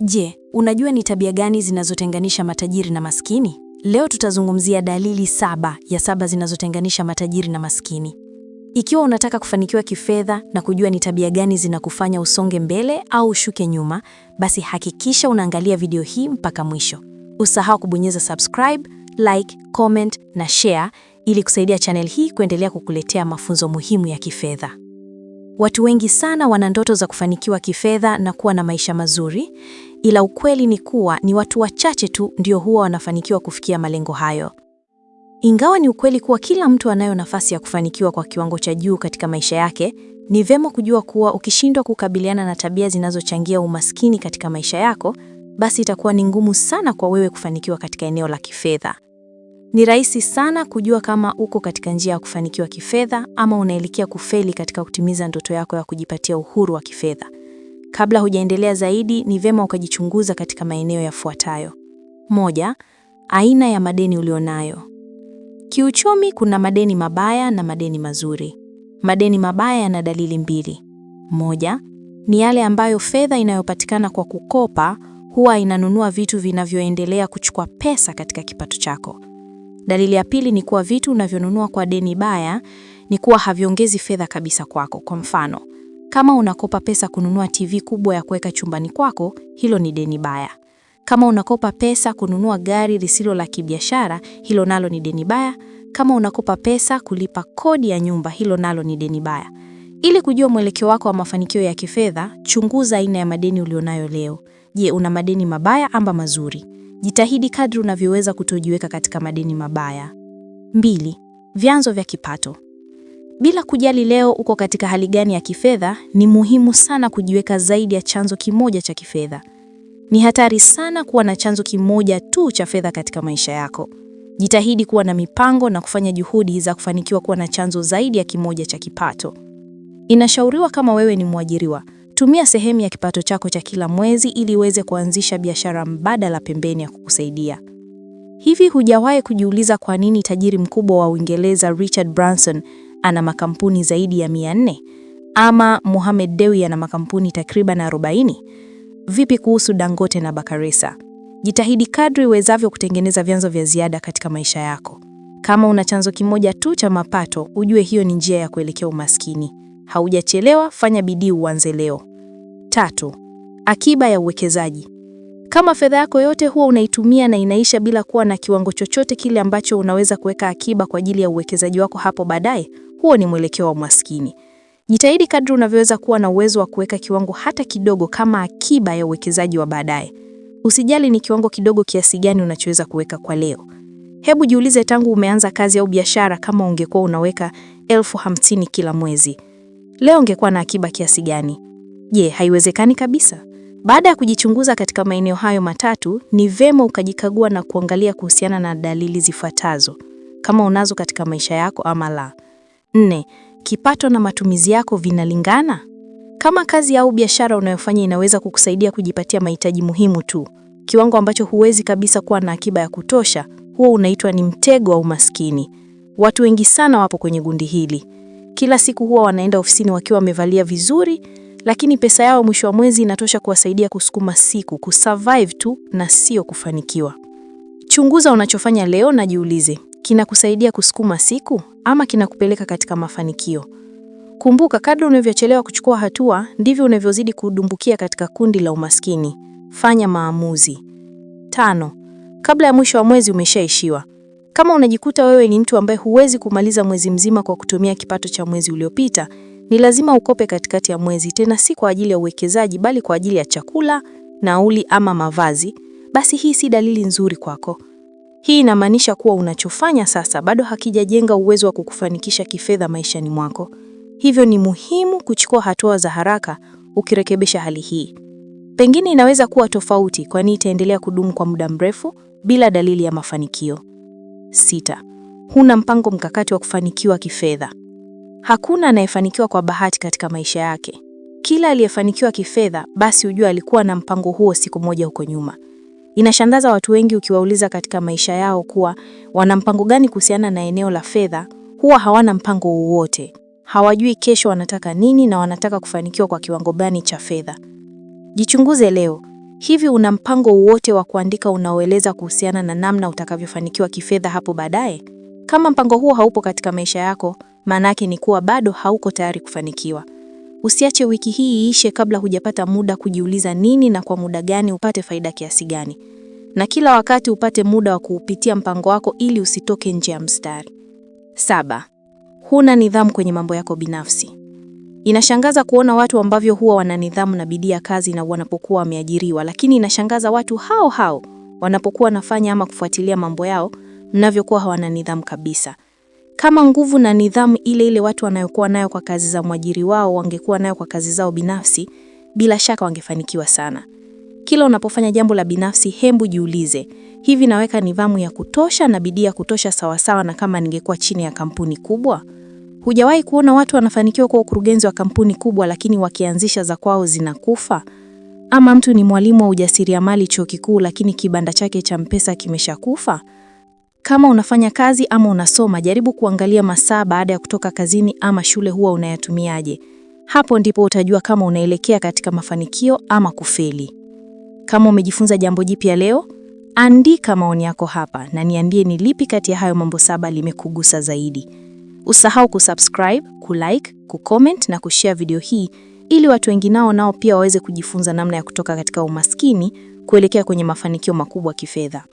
Je, unajua ni tabia gani zinazotenganisha matajiri na maskini? Leo tutazungumzia dalili saba ya saba zinazotenganisha matajiri na maskini. Ikiwa unataka kufanikiwa kifedha na kujua ni tabia gani zinakufanya usonge mbele au ushuke nyuma, basi hakikisha unaangalia video hii mpaka mwisho. Usahau kubonyeza subscribe, like, comment na share ili kusaidia channel hii kuendelea kukuletea mafunzo muhimu ya kifedha. Watu wengi sana wana ndoto za kufanikiwa kifedha na kuwa na maisha mazuri, ila ukweli ni kuwa ni watu wachache tu ndio huwa wanafanikiwa kufikia malengo hayo. Ingawa ni ukweli kuwa kila mtu anayo nafasi ya kufanikiwa kwa kiwango cha juu katika maisha yake, ni vema kujua kuwa ukishindwa kukabiliana na tabia zinazochangia umaskini katika maisha yako, basi itakuwa ni ngumu sana kwa wewe kufanikiwa katika eneo la kifedha. Ni rahisi sana kujua kama uko katika njia ya kufanikiwa kifedha ama unaelekea kufeli katika kutimiza ndoto yako ya kujipatia uhuru wa kifedha. Kabla hujaendelea zaidi, ni vema ukajichunguza katika maeneo yafuatayo. Moja, aina ya madeni ulionayo. Kiuchumi kuna madeni mabaya na madeni mazuri. Madeni mabaya yana dalili mbili. Moja, ni yale ambayo fedha inayopatikana kwa kukopa huwa inanunua vitu vinavyoendelea kuchukua pesa katika kipato chako. Dalili ya pili ni kuwa vitu unavyonunua kwa deni baya ni kuwa haviongezi fedha kabisa kwako. Kwa mfano, kama unakopa pesa kununua TV kubwa ya kuweka chumbani kwako, hilo ni deni baya. Kama unakopa pesa kununua gari lisilo la kibiashara, hilo nalo ni deni baya. Kama unakopa pesa kulipa kodi ya nyumba, hilo nalo ni deni baya. Ili kujua mwelekeo wako wa mafanikio ya kifedha, chunguza aina ya madeni ulionayo leo. Je, una madeni mabaya ama mazuri? Jitahidi kadri unavyoweza kutojiweka katika madeni mabaya. Mbili, vyanzo vya kipato. Bila kujali leo uko katika hali gani ya kifedha, ni muhimu sana kujiweka zaidi ya chanzo kimoja cha kifedha. Ni hatari sana kuwa na chanzo kimoja tu cha fedha katika maisha yako. Jitahidi kuwa na mipango na kufanya juhudi za kufanikiwa kuwa na chanzo zaidi ya kimoja cha kipato. Inashauriwa kama wewe ni mwajiriwa, tumia sehemu ya kipato chako cha kila mwezi ili uweze kuanzisha biashara mbadala pembeni ya kukusaidia. Hivi hujawahi kujiuliza kwa nini tajiri mkubwa wa Uingereza Richard Branson ana makampuni zaidi ya mia nne ama Mohamed Dewi ana makampuni takriban 40. Vipi kuhusu Dangote na Bakaresa? Jitahidi kadri uwezavyo kutengeneza vyanzo vya ziada katika maisha yako. Kama una chanzo kimoja tu cha mapato, ujue hiyo ni njia ya kuelekea umaskini. Haujachelewa, fanya bidii uanze leo. Tatu, akiba ya uwekezaji. Kama fedha yako yote huwa unaitumia na inaisha bila kuwa na kiwango chochote kile ambacho unaweza kuweka akiba kwa ajili ya uwekezaji wako hapo baadaye, huo ni mwelekeo wa umaskini. Jitahidi kadri unavyoweza kuwa na uwezo wa kuweka kiwango hata kidogo kama akiba ya uwekezaji wa baadaye. Usijali ni kiwango kidogo kiasi gani unachoweza kuweka kwa leo. Hebu jiulize, tangu umeanza kazi au biashara, kama ungekuwa unaweka elfu hamsini kila mwezi, leo ungekuwa na akiba kiasi gani? Je, haiwezekani kabisa. Baada ya kujichunguza katika maeneo hayo matatu, ni vema ukajikagua na kuangalia kuhusiana na dalili zifuatazo, kama unazo katika maisha yako ama la. Nne, kipato na matumizi yako vinalingana? Kama kazi au biashara unayofanya inaweza kukusaidia kujipatia mahitaji muhimu tu, kiwango ambacho huwezi kabisa kuwa na akiba ya kutosha, huo unaitwa ni mtego wa umaskini. Watu wengi sana wapo kwenye gundi hili. Kila siku huwa wanaenda ofisini wakiwa wamevalia vizuri lakini pesa yao mwisho wa mwezi inatosha kuwasaidia kusukuma siku, kusurvive tu na sio kufanikiwa. Chunguza unachofanya leo na jiulize, kinakusaidia kusukuma siku ama kinakupeleka katika mafanikio? Kumbuka, kadri unavyochelewa kuchukua hatua ndivyo unavyozidi kudumbukia katika kundi la umaskini. Fanya maamuzi. Tano, kabla ya mwisho wa mwezi umeshaishiwa. Kama unajikuta wewe ni mtu ambaye huwezi kumaliza mwezi mzima kwa kutumia kipato cha mwezi uliopita, ni lazima ukope katikati ya mwezi, tena si kwa ajili ya uwekezaji, bali kwa ajili ya chakula, nauli ama mavazi, basi hii si dalili nzuri kwako. Hii inamaanisha kuwa unachofanya sasa bado hakijajenga uwezo wa kukufanikisha kifedha maishani mwako. Hivyo ni muhimu kuchukua hatua za haraka ukirekebisha hali hii. Pengine inaweza kuwa tofauti, kwani itaendelea kudumu kwa muda mrefu bila dalili ya mafanikio. Sita, huna mpango mkakati wa kufanikiwa kifedha. Hakuna anayefanikiwa kwa bahati katika maisha yake. Kila aliyefanikiwa kifedha, basi ujue alikuwa na mpango huo siku moja huko nyuma. Inashangaza watu wengi ukiwauliza katika maisha yao kuwa wana mpango gani kuhusiana na eneo la fedha, huwa hawana mpango wowote. Hawajui kesho wanataka nini na wanataka kufanikiwa kwa kiwango gani cha fedha. Jichunguze leo. Hivi una mpango wowote wa kuandika unaoeleza kuhusiana na namna utakavyofanikiwa kifedha hapo baadaye? Kama mpango huo haupo katika maisha yako, maana yake ni kuwa bado hauko tayari kufanikiwa. Usiache wiki hii iishe kabla hujapata muda kujiuliza nini na kwa muda gani upate faida kiasi gani, na kila wakati upate muda wa kuupitia mpango wako ili usitoke nje ya mstari. Saba, huna nidhamu kwenye mambo yako binafsi. Inashangaza kuona watu ambavyo huwa wana nidhamu na bidii ya kazi na wanapokuwa wameajiriwa, lakini inashangaza watu hao hao wanapokuwa wanafanya ama kufuatilia mambo yao mnavyokuwa hawana nidhamu kabisa. Kama nguvu na nidhamu ile ile watu wanayokuwa nayo kwa kazi za mwajiri wao wangekuwa nayo kwa kazi zao binafsi, bila shaka wangefanikiwa sana. Kila unapofanya jambo la binafsi, hembu jiulize, hivi naweka nidhamu ya kutosha na bidii ya kutosha sawasawa na kama ningekuwa chini ya kampuni kubwa? Hujawahi kuona watu wanafanikiwa kuwa ukurugenzi wa kampuni kubwa, lakini wakianzisha za kwao zinakufa? Ama mtu ni mwalimu wa ujasiriamali chuo kikuu, lakini kibanda chake cha Mpesa kimeshakufa? Kama unafanya kazi ama unasoma, jaribu kuangalia masaa baada ya kutoka kazini ama shule huwa unayatumiaje. Hapo ndipo utajua kama unaelekea katika mafanikio ama kufeli. Kama umejifunza jambo jipya leo, andika maoni yako hapa na niambie ni lipi kati ya hayo mambo saba limekugusa zaidi. Usahau kusubscribe, kulike, kucomment na kushare video hii ili watu wenginao nao pia waweze kujifunza namna ya kutoka katika umaskini kuelekea kwenye mafanikio makubwa kifedha.